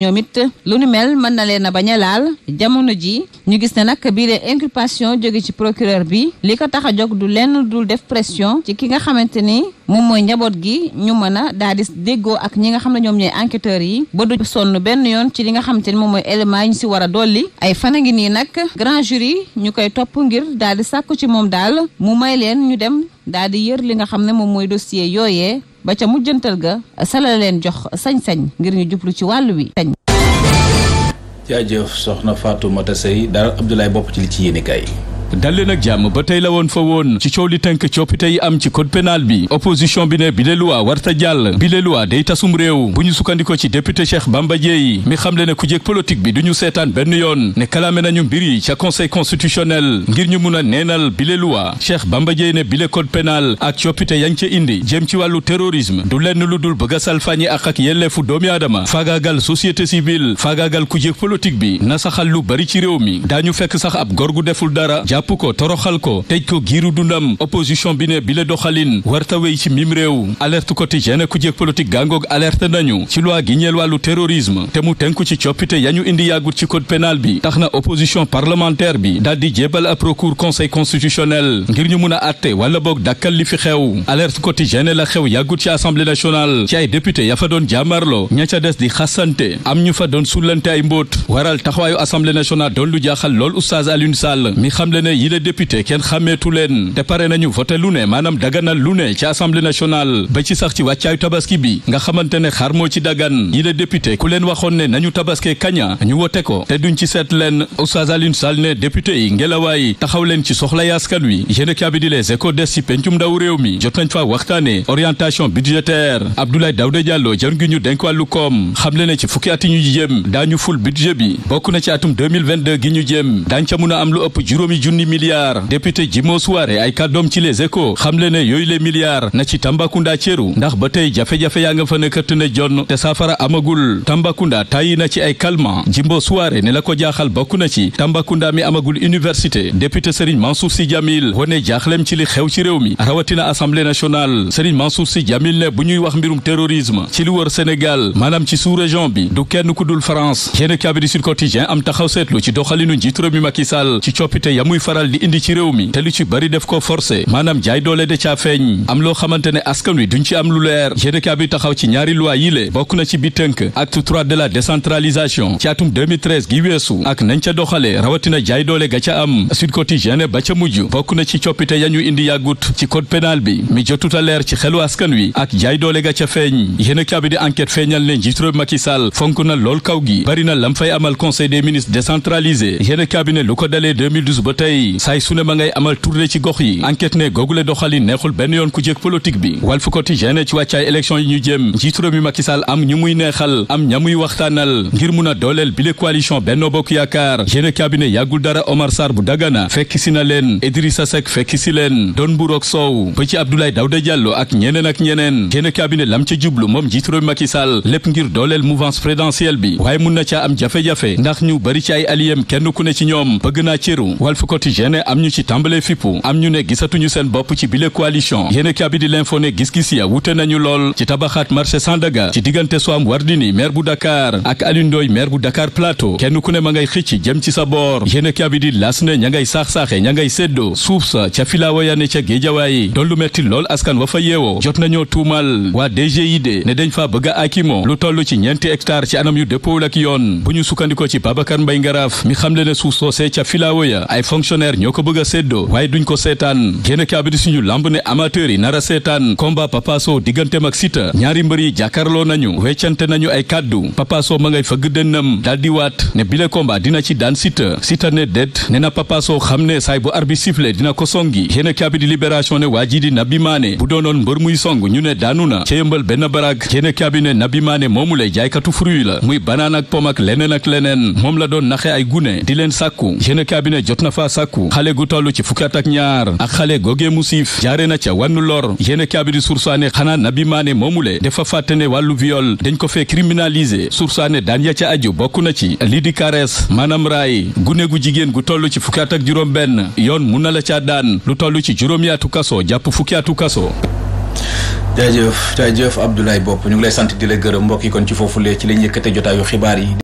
ñoom it lu nu mel mën na leen a bañ a laal jamono ji ñu gis ne nag bii de inculpation jóge ci procureur bi li ko tax a jóg du lenn dul def pression ci ki nga xamante ni moom mooy njaboot gi ñu mën a daal di déggoo ak ñi nga xam ne ñoom ñooy enquêteurs yi ba du sonn benn yoon ci li nga xamante ni moom mooy élément yi ñu si war a dolli ay fan a ngi nii nag grand jury ñu koy topp ngir daal di sàkku ci moom daal mu may leen ñu dem daal di yër li nga xam ne moom mooy dossier yooyee ba ca mujjantal ga sala leen jox sañ-sañ ngir ñu jublu ci wàll wi sañ jaajëf soxna Fatou Mata Sey dara Abdoulaye bopp ci li ci yéenekaay yi dalli nag jàmm ba tey la woon fa woon ci coow li tënk coppite yi am ci code pénal bi opposition bi ne bi le war ta jàll bi le loi day tasum réew bu ñu sukkandiko ci député Cheikh Bamba Dièye mi xamle ne ku jég politique bi du ñu seetaan benn yoon ne kalaame nañu mbir yi ca conseil constitutionnel ngir ñu mun a neenal bi le loi Cheikh Bamba ne bi le code pénal ak coppite yañ ca indi jéem ci wàllu terrorisme du lenn lu dul bëgg a salfañi ak ak yelleefu doomi aadama faagaagal société civile faagaagal ku jég politique bi na saxal lu bari ci réew mi daañu fekk sax ab góor gu deful dara jàpp ko toroxal ko tëj ko giiru dundam opposition bi ne bi la doxalin warta wéy ci mim réew alerte quotidien ku jëkk politique gàngoog alerte nañu ci loi gi ñeel wàllu terrorisme te mu tënku ci coppite yañu indi yàggut ci code pénal bi tax na opposition parlementaire bi daal di jébal ab recours conseil constitutionnel ngir ñu mun a àtte wala boog dàkkal li fi xew alerte quotidien la xew yàggut ci assemblée nationale ci ay député ya fa doon jàmmarlo ña ca des di xasante am ñu fa doon sullante ay mbóot waral taxawaayu assemblée nationale lu jaaxal ne yi la député kenn xàmmeetu leen te pare nañu voté lu ne maanaam daganal lu ne ci assemblée nationale ba ci sax ci wàccaayu tabaski bi nga xamante ne xar moo ci dagan yi la député ku leen waxoon ne nañu tabaskee kaña ñu wote ko te duñ ci seet leen Oustaz Alioune Sall ne député yi ngelawaay taxaw leen ci soxla yaaskan wi yéen a bi di les échos des ci pencum ndaw réew mi jot nañ fa waxtaane orientation budgétaire Abdoulaye Daouda Diallo jër gi ñu denk wàllu koom xam ñu jëm daañu ful budget bi bokk na ci atum 2022 gi ñu jëm junni milliards député Jimo Souare ay kàddoom ci les échos xamle ne yooyu les milliards na ci Tambacounda ceeru ndax ba tey jafe-jafe yaa nga fa ne këtt ne jonn te saafara amagul Tambacounda tàyyi na ci ay calmant Jimbo Souare ne la ko jaaxal bokk na ci Tambacounda mi amagul université député Serigne Mansour Sy Djamil wone jaaxlem ci li xew ci rew mi rawatina assemblée nationale Serigne Mansour Sy Djamil ne bu ñuy wax mbirum terrorisme ci li wër Sénégal maanaam ci sous-région bi du kenn ku dul France a faral di indi ci réew mi te lu ci bari def ko forcé maanaam jaay doole de caa feeñ am loo xamante ne askan wi duñ ci am lu leer gédéka taxaw ci ñaari loi yi le bokk na ci bi tënk acte de la décentralisation ci atum gi weesu ak nañ ca doxale rawatina jaay doole ga am Sud Quotidien ba ca mujj bokk na ci coppite yañu indi yàggut ci code pénal bi mi jotut a leer ci xelu askan wi ak jaay doole ga feeñ yéenekaay bi di feeñal ne njiit yi saay su ne ma ngay amal tournée ci gox yi enquête ne googule doxali neexul benn yoon ku jéeg politique bi Walf Quotidien ci wàccaay élection yi ñu jëm njiitu mi Macky am ñu muy neexal am ña muy waxtaanal ngir mun a dooleel bile coalition benn Bokk Yaakaar génne cabinet yàggul dara Omar Sarr bu Dagana fekk si na leen Idrissa Seck fekk si leen Don Mbour ak Sow ba ci Abdoulaye Daouda Diallo ak ñeneen ak ñeneen génne kaabine lam ca jublu moom njiitu réew mi Macky lépp ngir dooleel mouvance présidentielle bi waaye mun na caa am jafe-jafe ndax bari ci ay aliyem kenn ku ne ci ñoom bëgg naa quotidien am ñu ci tàmbalee fippu am ñu ne gisatuñu seen bopp ci bile coalition yéene kabi di l'info ne gis-gis ya wute nañu lool ci tabaxaat marché Sandaga ci diggante Soham Wardini maire bu Dakar ak Aliou Ndoye bu Dakar Plateau kenn ku ne ma ngay xëcc jëm ci sa boor yéene kabi di las ne ña ngay saax-saaxe ña ngay séddoo suuf sa ca filaawa ya ne ca géejawaay doon lu metti lool askan wa yeewoo jot nañoo tuumal waa DGID ne dañ faa bëgg a akimo ak partenaire ñoo ko bëgg a séddoo waaye duñ ko seetaan génn kaabi di suñu lamb ne amateur yi a seetaan combat Papa Sow digganteem ak Siteu ñaari mbër yi jàkkaarloo nañu weccante nañu ay kàddu Papa Sow ma ngay fëgg dënnam daal di waat ne bile combat dina ci daan Siteu Siteu ne déet ne na Papa Sow xam ne saay bu arbi sifflé dina ko songi génn kaabi di libération ne waa ji di bu doonoon mbër muy song ñu ne daanu na ca yëmbal benn barag génn kaabi ne Nabi Mané jaaykatu fruit la muy banaan ak leneen ak leneen moom la doon naxe ay gune di leen sàkku génn kaabi jot na fa sàkku xale gu toll ci fukki ak ñaar ak xale googee mu siif jaare na ca wànnu lor yéene kaabidi sursaane xanaa nabi maane moomule dafa fàtte ne wàllu viol dañ ko fee criminaliser sursaane daan ya ca aju bokk na ci lii di karees maanaam raay gune gu jigéen gu toll ci fukki ak juróom yoon mun na la caa daan lu toll ci juróomi atu kaso jàpp fukki atu kaso jaajëf jaajëf Abdoulaye Bopp ñu ngi lay sant di la gërëm mbokk yi kon ci foofu foofulee ci lañ yëkkate jotaayu xibaar yi